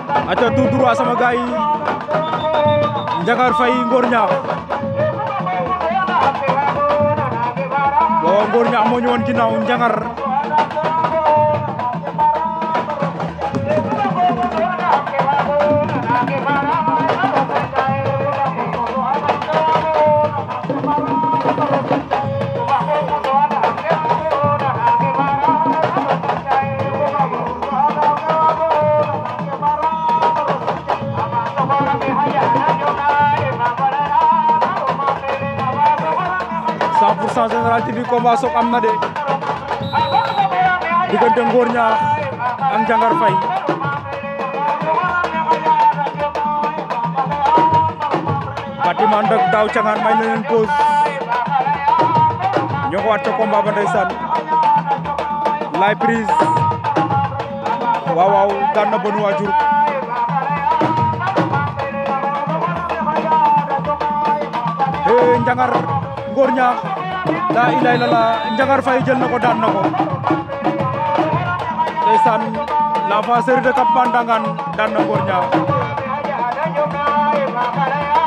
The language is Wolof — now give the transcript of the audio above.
aca tout droit sama gaay Ndiakhar Faye Ngor Niakh waaw Ngor Niakh moo woon ginnaaw Ndiakhar 100% pour Général TV combat sok amna de diggante Ngor Niakh ak Ndiangar Faye Batiman ak Daw Thiangane may na leen pause ñoo ko waat ca combat ba ndeysaan lay prise waaw waaw daan na bon waajur Ngor Niakh laa ilaaha illallaah Ndiagar Faye jël na ko daan na ko ndeysaan l'enfant chéri de